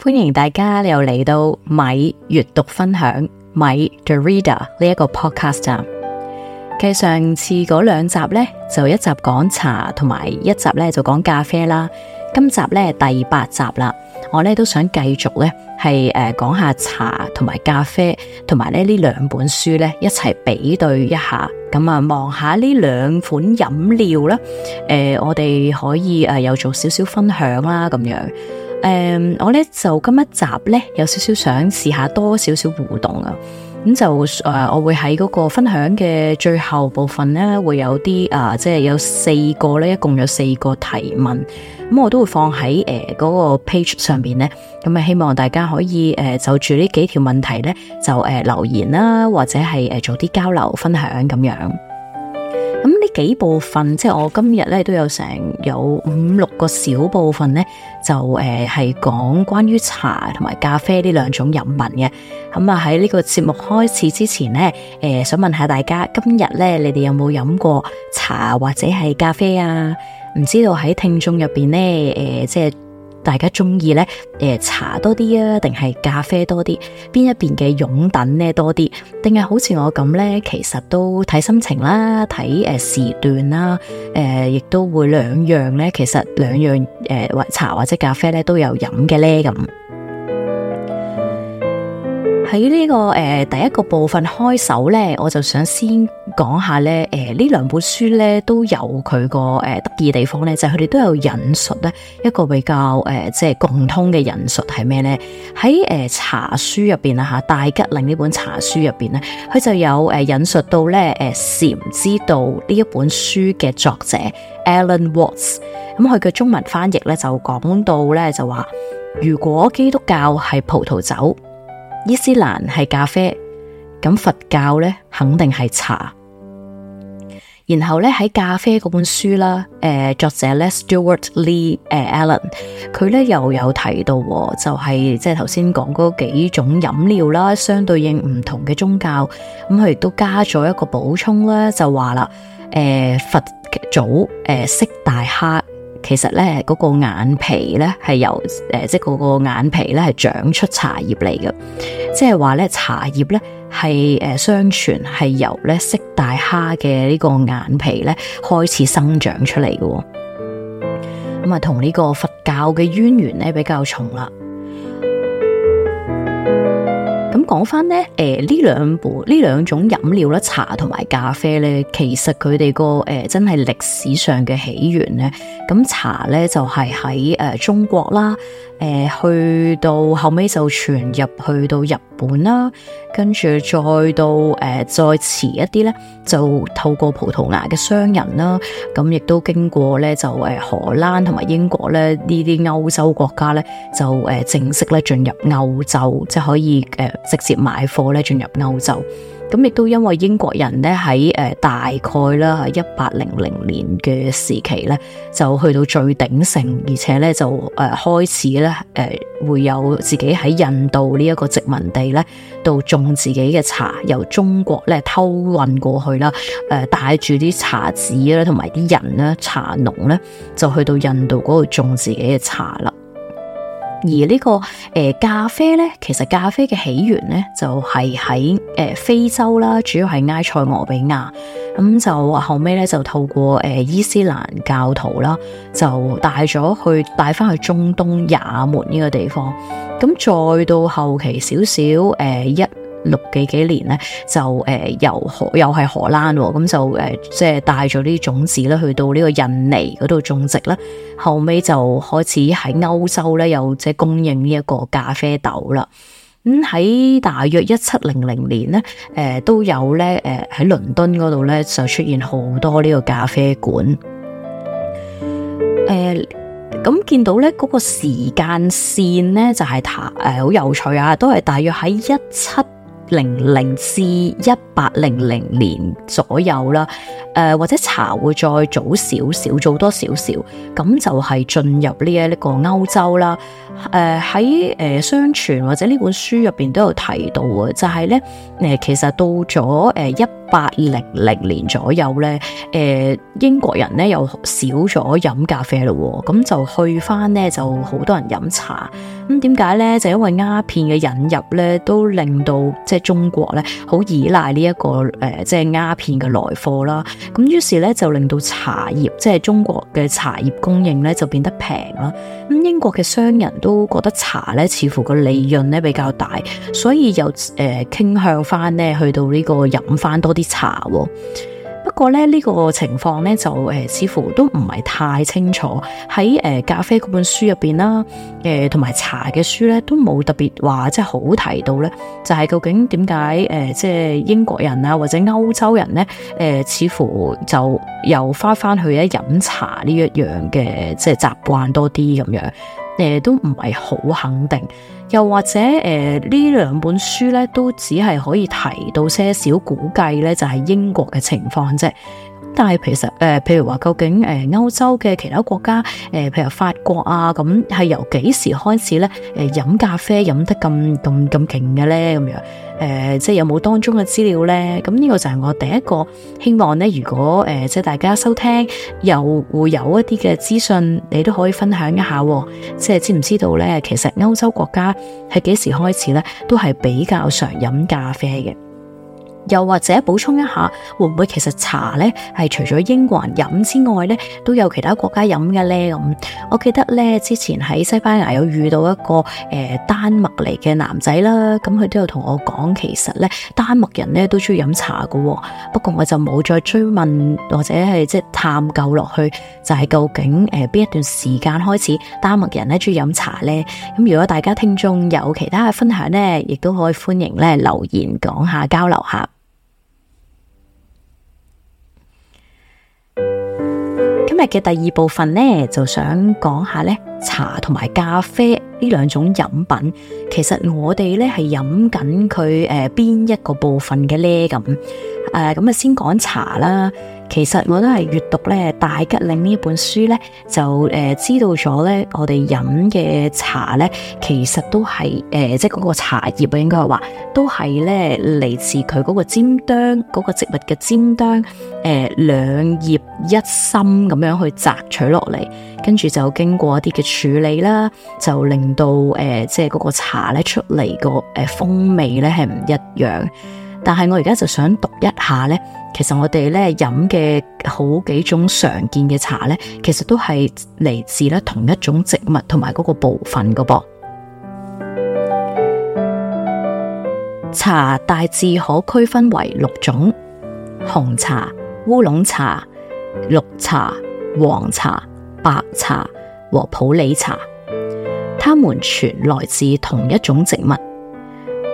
歡迎大家又嚟到米閱讀分享 Mic the Reader 呢一個 podcast 站。繼上次嗰兩集呢，就一集講茶，同埋一集呢就講咖啡啦。今集呢，第八集啦，我呢都想繼續呢，係誒、呃、講下茶同埋咖啡，同埋咧呢兩本書呢，一齊比對一下，咁啊望下呢兩款飲料啦。誒、呃、我哋可以誒有、呃、做少少分享啦，咁樣。誒，um, 我咧就今一集咧有少少想試下多少少互動啊，咁就誒、呃、我會喺嗰個分享嘅最後部分咧會有啲誒、呃，即係有四個咧，一共有四個提問，咁我都會放喺誒嗰個 page 上邊咧，咁啊希望大家可以誒、呃、就住呢幾條問題咧就誒、呃、留言啦，或者係誒、呃、做啲交流分享咁樣。咁呢幾部分，即係我今日咧都有成有五六個小部分咧，就誒係講關於茶同埋咖啡呢兩種飲品嘅。咁啊喺呢個節目開始之前呢，呃，想問下大家，今日咧你哋有冇飲過茶或者係咖啡啊？唔知道喺聽眾入面呢，呃，即係。大家中意呢，誒茶多啲啊，定係咖啡多啲？邊一邊嘅擁躉呢多啲？定係好似我咁呢？其實都睇心情啦，睇誒時段啦，誒、呃、亦都會兩樣呢。其實兩樣誒、呃、茶或者咖啡咧都有飲嘅咧咁。喺呢、這個、呃、第一個部分開首呢，我就想先講下咧，誒、呃、呢兩本書咧都有佢個得意地方咧，就係佢哋都有引述咧一個比較誒、呃、即係共通嘅引述係咩呢？喺誒、呃、茶書入邊啊吓，《大吉嶺》呢本茶書入邊呢，佢就有誒引述到咧誒、呃《禪之道》呢一本書嘅作者 Alan Watts，咁佢嘅中文翻譯咧就講到咧就話，如果基督教係葡萄酒。伊斯蘭係咖啡，咁佛教咧肯定係茶。然後咧喺咖啡嗰本書啦，誒、呃，作者 Les Stewart Lee 誒、呃、Allen，佢咧又有提到、喎，就係即係頭先講嗰幾種飲料啦，相對應唔同嘅宗教，咁佢亦都加咗一個補充啦，就話啦，誒、呃，佛祖誒識、呃、大蝦。其實呢，嗰、那個眼皮呢，係由誒，即嗰個眼皮呢，係長出茶葉嚟嘅，即係話呢，茶葉、呃、呢，係誒相傳係由呢色大蝦嘅呢個眼皮咧開始生長出嚟嘅，咁啊同呢個佛教嘅淵源咧比較重啦。講翻咧，誒呢、呃、兩部呢兩種飲料咧，茶同埋咖啡咧，其實佢哋個誒真係歷史上嘅起源咧，咁茶咧就係喺誒中國啦，誒、呃、去到後尾就傳入去到日本啦。跟住再到誒、呃、再遲一啲咧，就透過葡萄牙嘅商人啦，咁、嗯、亦都經過咧就誒、呃、荷蘭同埋英國咧呢啲歐洲國家咧，就誒、呃、正式咧進入歐洲，即係可以誒、呃、直接買貨咧進入歐洲。咁亦都因為英國人咧喺大概啦，一八零零年嘅時期咧，就去到最鼎盛，而且咧就誒開始咧會有自己喺印度呢一個殖民地咧，到種自己嘅茶，由中國咧偷運過去啦，誒帶住啲茶籽啦，同埋啲人咧，茶農咧，就去到印度嗰度種自己嘅茶啦。而呢、這個誒、呃、咖啡咧，其實咖啡嘅起源咧，就係喺誒非洲啦，主要係埃塞俄比亞，咁、嗯、就後尾咧就透過誒伊、呃、斯蘭教徒啦，就帶咗去帶翻去中東也門呢個地方，咁、嗯、再到後期少少誒一。六幾幾年咧就誒、呃、又，又荷又係荷蘭喎，咁、哦、就誒、呃、即係帶咗啲種子咧去到呢個印尼嗰度種植啦，後尾就開始喺歐洲咧又即係供應呢一個咖啡豆啦。咁、嗯、喺大約一七零零年咧，誒、呃、都有咧，誒喺倫敦嗰度咧就出現好多呢個咖啡館。誒、呃，咁見到咧嗰、那個時間線咧就係誒好有趣啊，都係大約喺一七。零零至一八零零年左右啦，誒、呃、或者茶會再早少少，早多少少，咁就係進入呢一個歐洲啦。誒喺誒相傳或者呢本書入邊都有提到嘅，就係咧誒其實到咗誒一呃八零零年左右咧，誒、呃、英國人咧又少咗飲咖啡咯，咁、嗯、就去翻咧就好多人飲茶。咁點解咧？就因為鴉片嘅引入咧，都令到即係中國咧好依賴、這個呃嗯、呢一個誒即係鴉片嘅來貨啦。咁於是咧就令到茶葉即係中國嘅茶葉供應咧就變得平啦。咁、嗯、英國嘅商人都覺得茶咧似乎個利潤咧比較大，所以又誒傾、呃、向翻咧去到呢、這個飲翻多。啲茶，哦、不過咧呢、呢個情況咧就誒、呃，似乎都唔係太清楚。喺誒、呃、咖啡嗰本書入邊啦，誒同埋茶嘅書咧都冇特別話，即係好提到咧，就係、是、究竟點解誒，即係英國人啊或者歐洲人咧，誒、呃、似乎就又翻翻去一飲茶呢一樣嘅即係習慣多啲咁樣，誒、呃、都唔係好肯定。又或者，誒、呃，呢兩本書咧，都只係可以提到些少估計咧，就係、是、英國嘅情況啫。但係其實、呃、譬如話究竟誒歐、呃、洲嘅其他國家、呃、譬如法國啊，咁係由幾時開始呢？誒、呃，飲咖啡飲得咁咁咁勁嘅呢？咁樣誒，即係有冇當中嘅資料呢？咁呢個就係我第一個希望呢。如果、呃、即係大家收聽，又會有一啲嘅資訊，你都可以分享一下、哦。即係知唔知道呢？其實歐洲國家係幾時開始呢？都係比較常飲咖啡嘅。又或者補充一下，會唔會其實茶呢？係除咗英國人飲之外呢，都有其他國家飲嘅呢？咁我記得呢，之前喺西班牙有遇到一個誒、呃、丹麥嚟嘅男仔啦，咁佢都有同我講，其實呢，丹麥人呢都鍾意飲茶嘅、哦。不過我就冇再追問或者係即探究落去，就係、是、究竟誒邊、呃、一段時間開始丹麥人呢鍾意飲茶呢？咁、嗯、如果大家聽眾有其他嘅分享呢，亦都可以歡迎留言講下交流下。今日嘅第二部分咧，就想講下咧茶同埋咖啡呢兩種飲品，其實我哋咧係飲緊佢誒邊一個部分嘅咧？咁，誒，咁、呃、啊先講茶啦。其實我都係閱讀《大吉嶺》呢本書呢就、呃、知道咗我哋飲嘅茶咧，其實都係誒、呃，即係嗰個茶葉啊，應該係話都係咧嚟自佢嗰個尖端嗰、嗰個植物嘅尖端誒、呃，兩葉一心咁樣去摘取落嚟，跟住就經過一啲嘅處理啦，就令到誒、呃，即係嗰個茶咧出嚟個誒風味咧係唔一樣。但係我而家就想讀一下呢。其實我哋呢飲嘅好幾種常見嘅茶呢，其實都係嚟自呢同一種植物同埋嗰個部分嘅噃。茶大致可區分為六種：紅茶、烏龍茶、綠茶、黃茶、白茶和普洱茶。它們全來自同一種植物。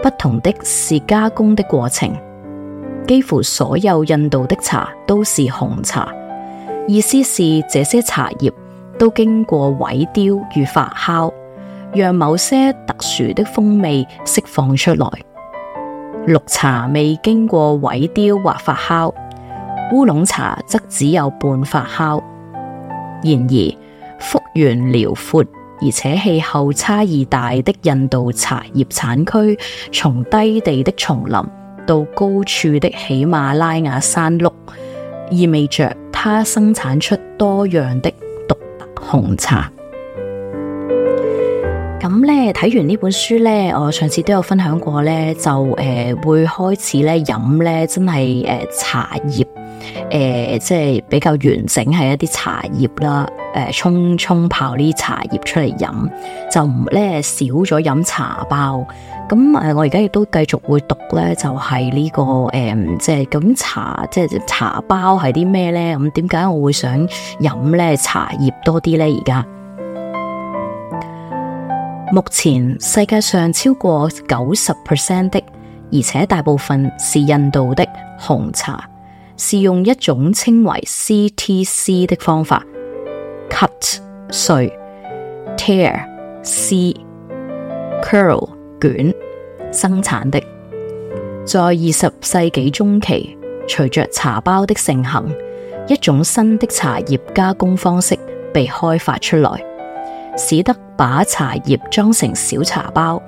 不同的是加工的過程，幾乎所有印度的茶都是紅茶，意思是這些茶葉都經過萎凋與發酵，讓某些特殊的風味釋放出來。綠茶未經過萎凋或發酵，烏龍茶則只有半發酵。然而，幅員遼闊，而且氣候差異大的印度茶葉產區，從低地的叢林到高處的喜馬拉雅山麓，意味着它生產出多樣的獨特紅茶。咁咧睇完呢本書咧，我上次都有分享過咧，就誒、呃、會開始咧飲咧真係誒、呃、茶葉。誒，即係比較完整係一啲茶葉啦，誒，沖沖泡呢啲茶葉出嚟飲，就唔咧少咗飲茶包。咁誒，我而家亦都繼續會讀咧，就係呢個誒，即係咁茶，即係茶包係啲咩咧？咁點解我會想飲咧茶葉多啲咧？而家目前世界上超過九十 percent 的，而且大部分是印度的紅茶。是用一種稱為 CTC 的方法，cut 碎、tear 撕、curl 捲，生產的。在二十世紀中期，隨着茶包的盛行，一種新的茶葉加工方式被開發出來，使得把茶葉裝成小茶包，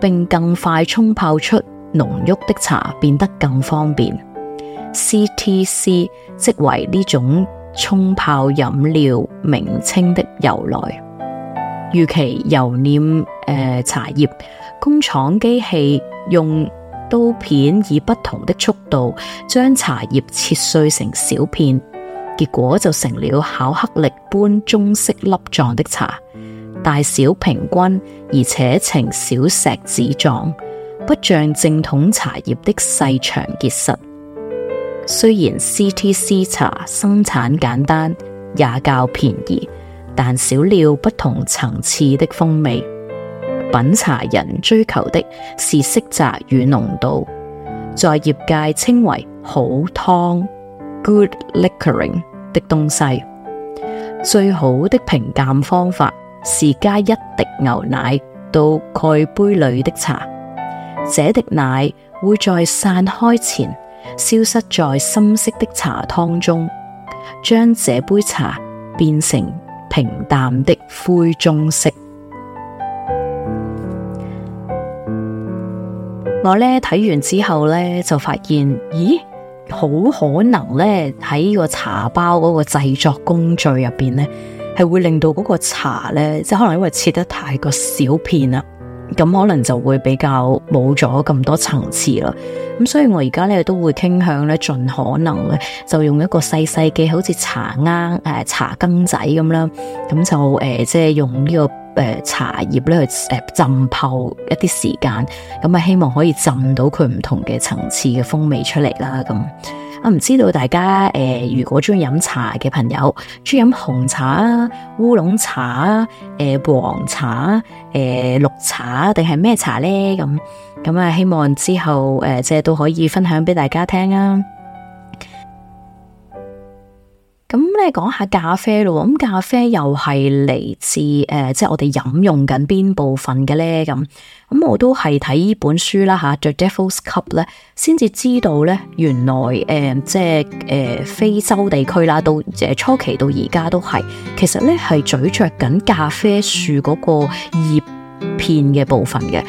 並更快沖泡出濃郁的茶變得更方便。C.T.C 即為呢種沖泡飲料名稱的由來。預期揉捻誒，茶葉工廠機器用刀片以不同的速度將茶葉切碎成小片，結果就成了巧克力般棕色粒狀的茶，大小平均，而且呈小石子狀，不像正統茶葉的細長結實。雖然 CTC 茶生產簡單也較便宜，但少了不同層次的風味。品茶人追求的是色澤與濃度，在業界稱為好湯 （good liquoring） 的東西。最好的評鑒方法是加一滴牛奶到蓋杯裏的茶，這滴奶會在散開前。消失在深色的茶湯中，將這杯茶變成平淡的灰棕色。 我呢睇完之後呢，就發現，咦，好可能呢喺呢個茶包嗰個製作工序入面呢，係會令到嗰個茶呢，即可能因為切得太過小片啦。咁可能就會比較冇咗咁多層次啦，咁所以我而家都會傾向咧盡可能咧就用一個細細嘅，好似茶匙誒、呃、茶羹仔咁啦，咁就、呃、即係用、呢個呃、葉呢個茶葉去浸泡一啲時間，咁啊希望可以浸到佢唔同嘅層次嘅風味出嚟啦，咁。我唔知道大家誒、呃，如果中意飲茶嘅朋友，中意飲紅茶啊、烏龍茶啊、呃、黃茶啊、呃、綠茶啊，定係咩茶呢？咁、嗯嗯、希望之後誒，呃、即係都可以分享俾大家聽啊。咁咧講下咖啡咯，咁咖啡又係嚟自誒、呃，即係我哋飲用緊邊部分嘅咧？咁、嗯、咁我都係睇依本書啦吓、啊、The Devil's Cup 咧，先至知道咧，原來誒、呃，即係誒、呃、非洲地區啦，到初期到而家都係，其實咧係咀嚼緊咖啡樹嗰個葉片嘅部分嘅，誒、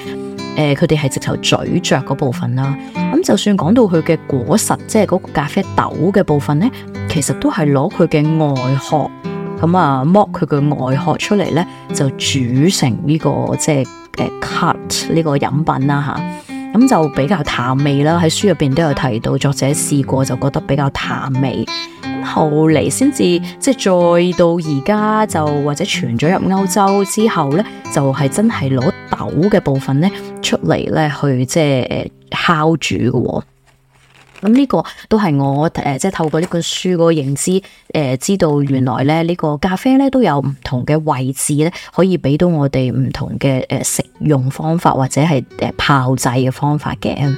呃，佢哋係直頭咀嚼嗰部分啦。咁就算講到佢嘅果實，即係嗰個咖啡豆嘅部分咧，其實都係攞佢嘅外殼咁啊，剝佢嘅外殼出嚟呢，就煮成呢、這個即係誒、啊、cut 呢個飲品啦吓，咁、啊啊、就比較淡味啦。喺書入面都有提到，作者試過就覺得比較淡味，後嚟先至即係再到而家就或者傳咗入歐洲之後呢，就係、是、真係攞豆嘅部分呢出嚟咧去即係誒烤煮嘅。咁呢個都係我、呃、透過呢本書個認知、呃，知道原來呢、這個咖啡都有唔同嘅位置可以俾到我哋唔同嘅食用方法或者係誒炮製嘅方法嘅。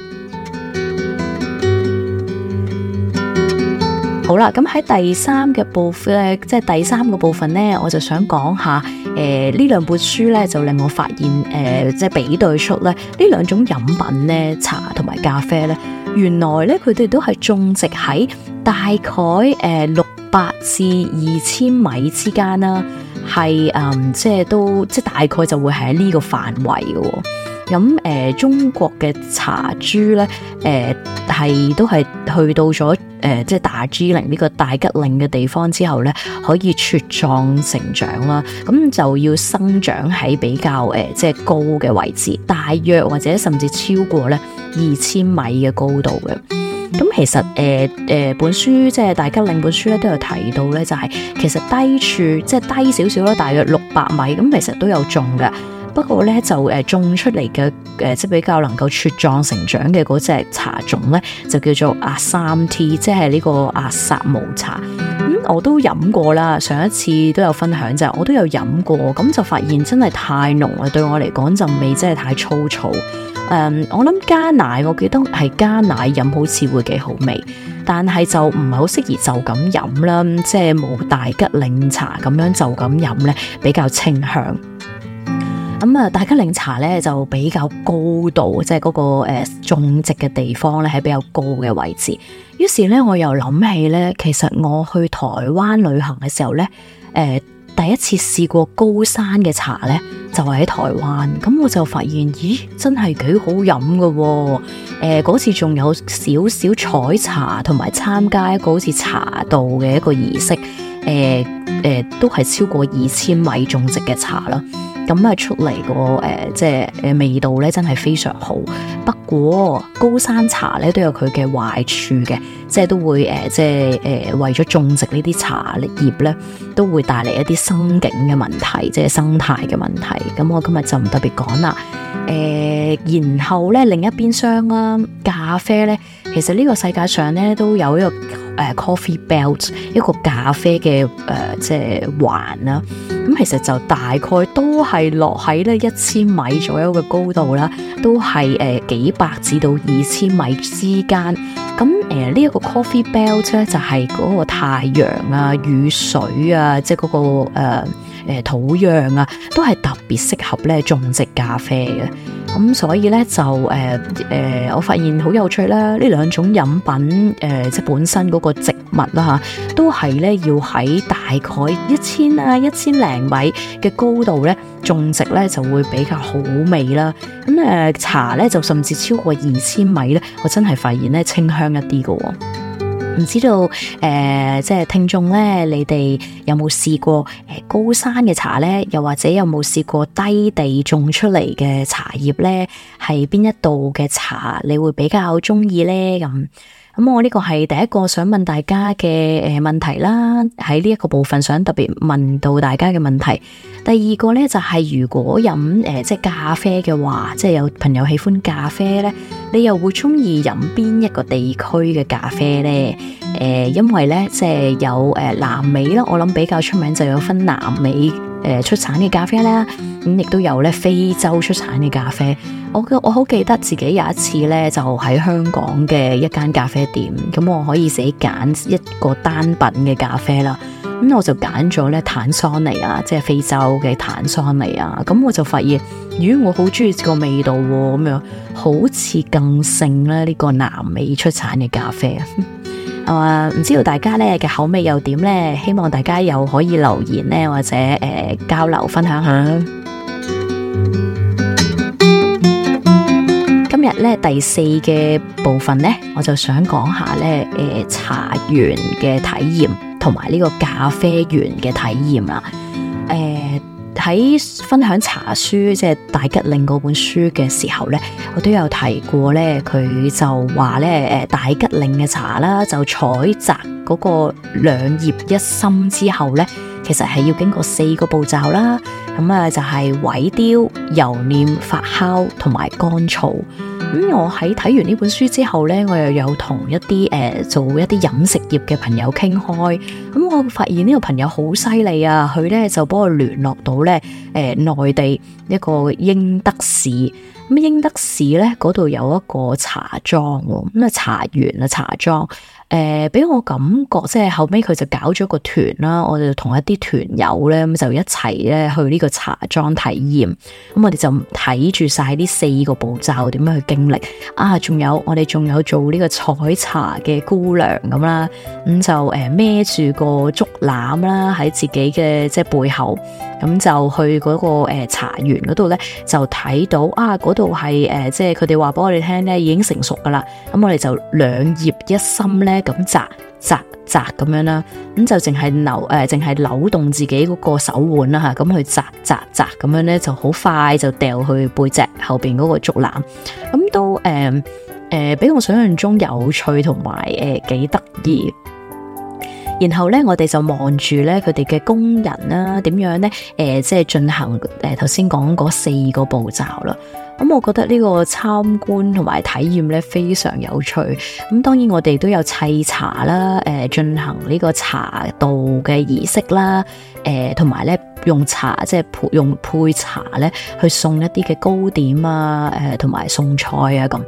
好啦，咁喺第三嘅部分咧，即係第三個部分咧，我就想講下，誒、呃、呢兩本書咧就令我發現，誒、呃、即係比對出咧呢兩種飲品咧，茶同埋咖啡咧，原來咧佢哋都係種植喺大概誒六百至二千米之間啦，係嗯、呃、即係都即係大概就會喺呢個範圍嘅、哦。咁誒、呃，中國嘅茶株咧，誒、呃、係都係去到咗。誒，即係、呃就是、大吉嶺呢、這個大吉嶺嘅地方之後咧，可以茁壯成長啦。咁就要生長喺比較誒即係高嘅位置，大約或者甚至超過咧二千米嘅高度嘅。咁其實誒誒、呃呃、本書即係、就是、大吉嶺本書咧都有提到咧，就係、是、其實低處即係低少少啦，大約六百米咁，其實都有種㗎。不過咧就誒種出嚟嘅誒即比較能夠茁壯成長嘅嗰隻茶種咧就叫做阿三 T，即係呢個阿薩姆茶。咁、嗯、我都飲過啦，上一次都有分享就啫、係，我都有飲過，咁就發現真係太濃啦，對我嚟講就味真係太粗糙。誒、嗯，我諗加奶，我記得係加奶飲好似會幾好味，但係就唔係好適宜就咁飲啦，即係冇大吉嶺茶咁樣就咁飲咧，比較清香。大吉嶺茶咧就比較高度，即係嗰個、呃、種植嘅地方咧，係比較高嘅位置。於是咧，我又諗起咧，其實我去台灣旅行嘅時候呢、呃，第一次試過高山嘅茶咧，就喺、是、台灣。咁我就發現，咦，真係幾好飲嘅喎！嗰、呃、次仲有少少採茶，同埋參加一個好似茶道嘅一個儀式。呃呃、都係超過二千米種植嘅茶啦。咁啊，出嚟個誒，即係誒味道咧，真係非常好。不過高山茶咧都有佢嘅壞處嘅，即係都會誒、呃，即係誒、呃、為咗種植呢啲茶葉咧，都會帶嚟一啲生境嘅問題，即係生態嘅問題。咁我今日就唔特別講啦。誒、呃，然後咧另一邊廂啦，咖啡咧。其實呢個世界上咧都有一個誒、呃、coffee belt 一個咖啡嘅誒、呃、即係環啦，咁、嗯、其實就大概都係落喺咧一千米左右嘅高度啦，都係誒、呃、幾百至到二千米之間。咁、嗯、誒、呃這個、呢一個 coffee belt 咧就係、是、嗰個太陽啊、雨水啊，即係嗰、那個誒。呃誒土壤啊，都係特別適合咧種植咖啡嘅，咁、嗯、所以咧就誒誒、呃呃，我發現好有趣啦！呢兩種飲品誒、呃，即本身嗰個植物啦、啊、嚇，都係咧要喺大概一千啊一千零米嘅高度咧種植咧就會比較好味啦。咁、嗯、誒、呃、茶咧就甚至超過二千米咧，我真係發現咧清香一啲嘅喎。唔知道誒、呃，即係聽眾咧，你哋有冇試過誒、呃、高山嘅茶呢？又或者有冇試過低地種出嚟嘅茶葉呢？係邊一度嘅茶你會比較中意呢？咁，咁我呢個係第一個想問大家嘅誒問題啦，喺呢一個部分想特別問到大家嘅問題。第二個咧就係、是、如果飲誒、呃、即係咖啡嘅話，即係有朋友喜歡咖啡咧，你又會中意飲邊一個地區嘅咖啡咧？誒、呃，因為咧即係有誒、呃、南美啦，我諗比較出名就有分南美。誒出產嘅咖啡咧，咁、嗯、亦都有咧非洲出產嘅咖啡。我我好記得自己有一次咧，就喺香港嘅一間咖啡店，咁、嗯、我可以自己揀一個單品嘅咖啡啦。咁、嗯、我就揀咗咧坦桑尼亞，即係非洲嘅坦桑尼亞。咁、嗯、我就發現，咦，我好中意個味道喎、啊，咁、嗯、樣好似更勝咧呢個南美出產嘅咖啡啊！啊，唔知道大家咧嘅口味又點呢？希望大家又可以留言呢，或者、呃、交流分享下。今日第四嘅部分呢，我就想講下、呃、茶園嘅體驗同埋呢個咖啡園嘅體驗、呃喺分享茶書即係、就是、大吉嶺嗰本書嘅時候呢，我都有提過呢，佢就話呢，大吉嶺嘅茶啦，就採摘嗰個兩葉一心之後呢，」其實係要經過四個步驟啦，咁啊就係萎雕、揉捻、發酵同埋乾燥。咁我喺睇完呢本書之後咧，我又有同一啲誒、呃、做一啲飲食業嘅朋友傾開，咁我發現呢個朋友好犀利啊！佢咧就幫我聯絡到咧誒，內地一個英德市，咁英德市咧嗰度有一個茶莊，咁、嗯、啊茶園啊茶莊。誒，俾、呃、我感覺即係後尾佢就搞咗個團啦，我哋就同一啲團友咧，咁就一齊咧去呢個茶莊體驗，咁我哋就睇住晒呢四個步驟點樣去經歷啊，仲有我哋仲有做呢個採茶嘅姑娘咁啦，咁就誒孭住個竹籃啦，喺自己嘅即係背後。咁就去嗰個誒茶園嗰度咧，就睇到啊嗰度係誒，即係佢哋話俾我哋聽咧，已經成熟噶啦。咁我哋就兩葉一心咧，咁摘摘摘咁樣啦。咁就淨係扭誒，淨、呃、係扭動自己嗰個手腕啦吓，咁去摘摘摘咁樣咧，就好快就掉去背脊後邊嗰個竹籃。咁都誒誒，比我想象中有趣同埋誒，幾得意。呃然後呢，我哋就望住呢佢哋嘅工人啦、啊，點樣呢？誒、呃，即係進行誒，頭先講嗰四個步驟啦。咁我覺得呢個參觀同埋體驗咧非常有趣，咁當然我哋都有沏茶啦，誒、呃、進行呢個茶道嘅儀式啦，誒同埋咧用茶即係配用配茶呢去送一啲嘅糕點啊，誒同埋送菜啊咁，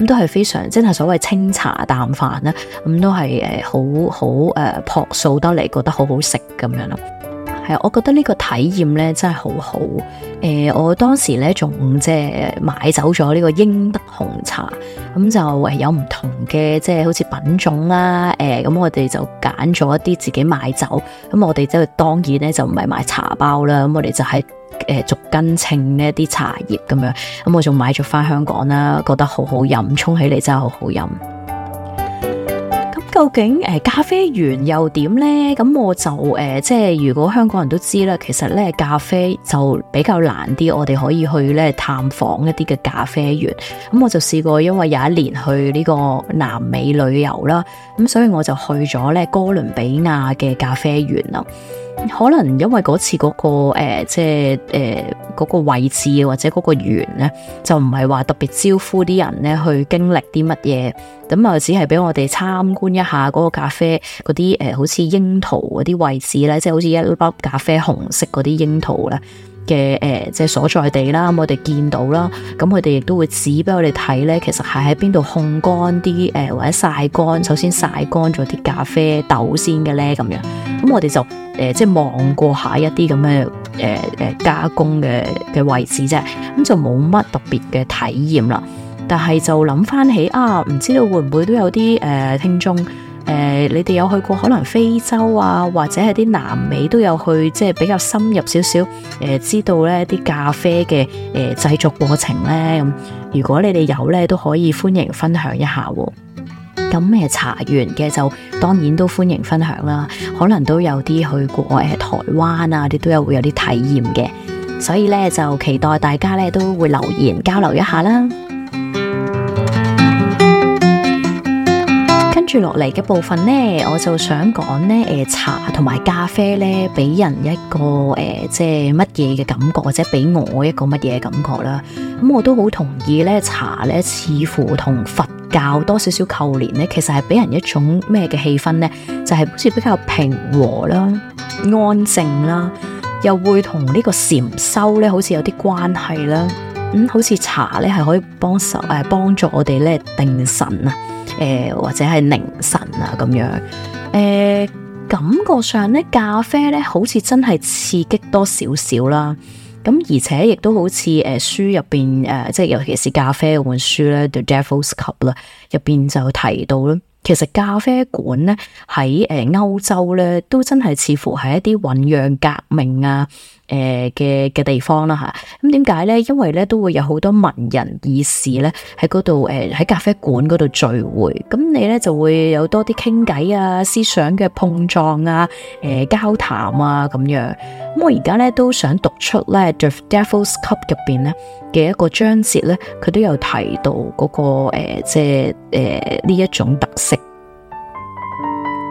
咁都係非常即係所謂清茶淡飯啦，咁都係誒好好誒樸素得嚟，覺得好好食咁樣咯。係，我覺得呢個體驗咧真係好好。誒、呃，我當時咧仲即係買走咗呢個英德紅茶，咁就有唔同嘅，即係好似品種啦。誒、呃，咁我哋就揀咗一啲自己買走。咁我哋即係當然咧就唔係買茶包啦。咁我哋就喺誒逐斤稱呢一啲茶葉咁樣。咁我仲買咗翻香港啦，覺得好好飲，沖起嚟真係好好飲。究竟誒咖啡園又點呢？咁我就誒、呃、即係如果香港人都知啦，其實咧咖啡就比較難啲，我哋可以去咧探訪一啲嘅咖啡園。咁我就試過，因為有一年去呢個南美旅遊啦，咁所以我就去咗咧哥倫比亞嘅咖啡園啦。可能因為嗰次嗰、嗰個誒、呃，即係誒、呃嗰個位置或者嗰個園咧，就唔係話特別招呼啲人咧去經歷啲乜嘢，咁啊只係俾我哋參觀一下嗰個咖啡嗰啲誒，好似櫻桃嗰啲位置咧，即係好似一粒咖啡紅色嗰啲櫻桃咧。嘅誒，即係、呃就是、所在地啦、嗯，我哋見到啦，咁佢哋亦都會指俾我哋睇咧，其實係喺邊度烘乾啲誒、呃，或者曬乾，首先曬乾咗啲咖啡豆先嘅咧，咁樣，咁、嗯、我哋就誒，即、呃、係、就是、望過下一啲咁嘅誒誒加工嘅嘅位置啫，咁、嗯、就冇乜特別嘅體驗啦。但係就諗翻起啊，唔知道會唔會都有啲誒、呃、聽眾。誒、呃，你哋有去過可能非洲啊，或者係啲南美都有去，即係比較深入少少。誒、呃，知道呢啲咖啡嘅誒製作過程呢。咁。如果你哋有呢，都可以歡迎分享一下、啊。咁咩茶園嘅就當然都歡迎分享啦。可能都有啲去過誒台灣啊，啲都有會有啲體驗嘅。所以呢就期待大家呢都會留言交流一下啦。跟住落嚟嘅部分呢，我就想講呢誒茶同埋咖啡呢，俾人一個誒、呃，即係乜嘢嘅感覺，或者俾我一個乜嘢感覺啦。咁、嗯、我都好同意呢茶呢，似乎同佛教多少少扣連呢，其實係俾人一種咩嘅氣氛呢，就係、是、好似比較平和啦、安靜啦，又會同呢個禪修呢好似有啲關係啦。咁、嗯、好似茶呢，係可以幫手誒，幫助我哋呢定神啊。誒、呃，或者係凌晨啊咁樣，誒、呃，感覺上咧咖啡咧好似真係刺激多少少啦，咁而且亦都好似誒、呃、書入邊誒，即、呃、係尤其是咖啡嗰本書咧《The Devil's Cup》啦，入邊就提到啦。其實咖啡館咧喺誒歐洲咧都真係似乎係一啲醞釀革命啊誒嘅嘅地方啦、啊、吓。咁點解咧？因為咧都會有好多文人異士咧喺度誒喺咖啡館度聚會。咁你咧就會有多啲傾偈啊，思想嘅碰撞啊，誒、呃、交談啊咁樣。咁我而家咧都想讀出咧《 The Devil's Cup》入邊咧嘅一個章節咧，佢都有提到嗰、那個誒即係誒呢一、呃、種特色。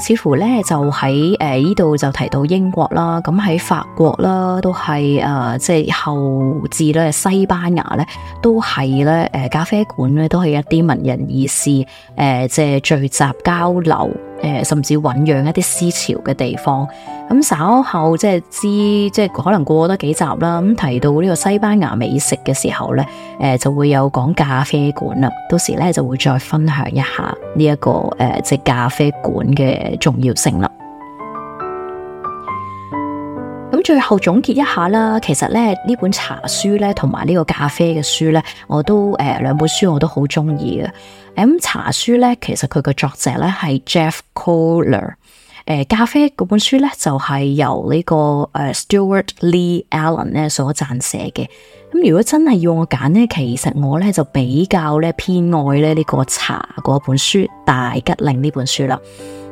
似乎呢，就喺誒呢度就提到英國啦，咁喺法國啦都係誒即係後至西班牙呢，都係呢誒咖啡館呢都係一啲文人雅士誒即係聚集交流。誒，甚至醞釀一啲思潮嘅地方，咁、嗯、稍後即係知，即係可能過多幾集啦。咁提到呢個西班牙美食嘅時候呢、呃，就會有講咖啡館啦。到時呢就會再分享一下呢、這、一個、呃、即咖啡館嘅重要性啦。咁最後總結一下啦，其實咧呢本茶書咧同埋呢個咖啡嘅書咧，我都誒兩本書我都好中意嘅。咁茶書咧，其實佢嘅作者咧係 Jeff Koehler，誒咖啡嗰本書咧就係由呢個誒 Stewart Lee Allen 咧所撰寫嘅。咁如果真係要我揀咧，其實我咧就比較咧偏愛咧呢個茶嗰本書《大吉嶺》呢本書啦。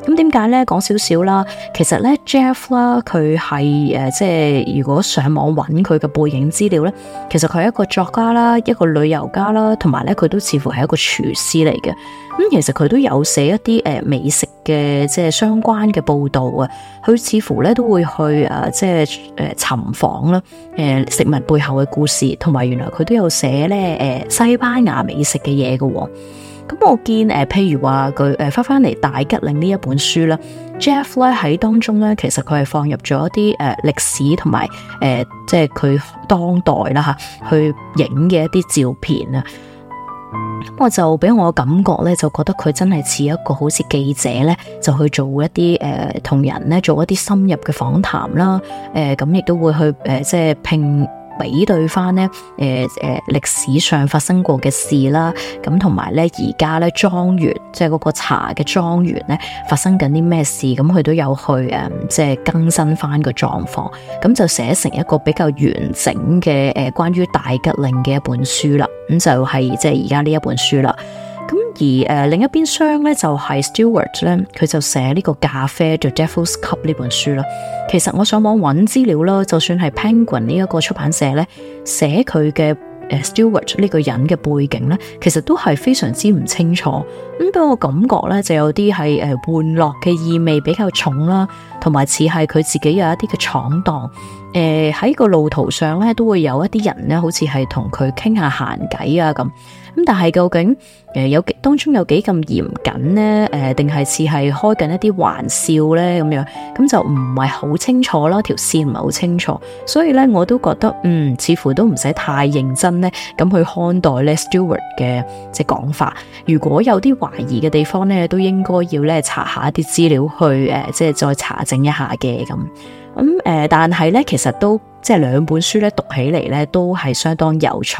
咁點解咧？講少少啦，其實咧 Jeff 啦，佢係誒，即係如果上網揾佢嘅背影資料咧，其實佢係一個作家啦，一個旅遊家啦，同埋咧佢都似乎係一個廚師嚟嘅。咁其實佢都有寫一啲誒、呃、美食嘅即係相關嘅報道啊。佢似乎咧都會去誒、啊，即係誒、呃、尋訪啦，誒、呃、食物背後嘅故事，同埋原來佢都有寫咧誒、呃、西班牙美食嘅嘢嘅。咁我見誒，譬、呃、如話佢誒翻翻嚟《呃、大吉嶺》呢一本書啦，Jeff 咧、呃、喺當中咧，其實佢係放入咗一啲誒、呃、歷史同埋誒即係佢當代啦吓，去影嘅一啲照片啊。咁我就俾我嘅感覺咧，就覺得佢真係似一個好似記者咧，就去做一啲誒同人咧做一啲深入嘅訪談啦。誒、呃，咁亦都會去誒、呃、即係拼。比對翻呢，誒誒，歷史上發生過嘅事啦，咁同埋咧，而家咧莊園，即係嗰個茶嘅莊園咧，發生緊啲咩事，咁佢都有去誒，即係更新翻個狀況，咁就寫成一個比較完整嘅誒，關於大吉嶺嘅一本書啦，咁就係即係而家呢一本書啦。而誒、呃、另一邊廂咧，就係、是、Stewart 咧，佢就寫呢個咖啡叫 Devil's Cup 呢本書啦。其實我上網揾資料啦，就算係 Penguin 呢一個出版社咧寫佢嘅誒 Stewart 呢個人嘅背景咧，其實都係非常之唔清楚。咁、嗯、俾我感覺咧，就有啲係誒玩樂嘅意味比較重啦，同埋似係佢自己有一啲嘅闖蕩。誒、呃、喺個路途上咧，都會有一啲人咧，好似係同佢傾下閒偈啊咁。但係究竟誒有、呃、當中有幾咁嚴謹呢？誒、呃，定係似係開緊一啲玩笑咧？咁樣咁就唔係好清楚啦，條線唔係好清楚，所以咧我都覺得嗯，似乎都唔使太認真咧，咁去看待呢 Stewart 嘅即係講法。如果有啲懷疑嘅地方咧，都應該要咧查下一啲資料去誒、呃，即係再查證一下嘅咁。咁誒、嗯呃，但係咧其實都。即係兩本書咧讀起嚟都係相當有趣，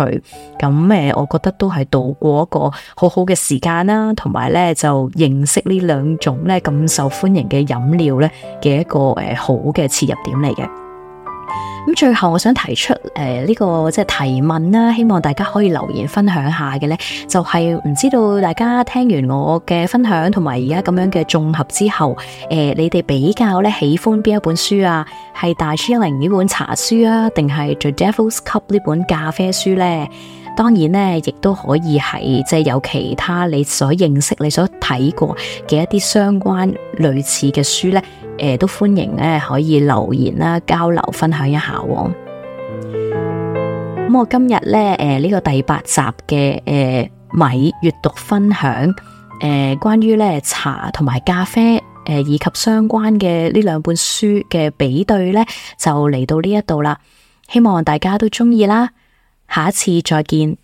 咁我覺得都係度過一個好好嘅時間啦，同埋咧就認識呢兩種咧咁受歡迎嘅飲料咧嘅一個、呃、好嘅切入點嚟嘅。咁最後我想提出誒呢、呃這個即係提問啦，希望大家可以留言分享下嘅咧，就係、是、唔知道大家聽完我嘅分享同埋而家咁樣嘅綜合之後，誒、呃、你哋比較咧喜歡邊一本書啊？係大出一零呢本茶書啊，定係 The Devil’s Cup 呢本咖啡書咧？當然咧，亦都可以係即係有其他你所認識、你所睇過嘅一啲相關類似嘅書咧，誒都歡迎咧可以留言啦，交流分享一下。咁 我今日咧誒呢、這個第八集嘅誒、呃、米閱讀分享，誒、呃、關於咧茶同埋咖啡誒、呃、以及相關嘅呢兩本書嘅比對咧，就嚟到呢一度啦，希望大家都中意啦。下次再見。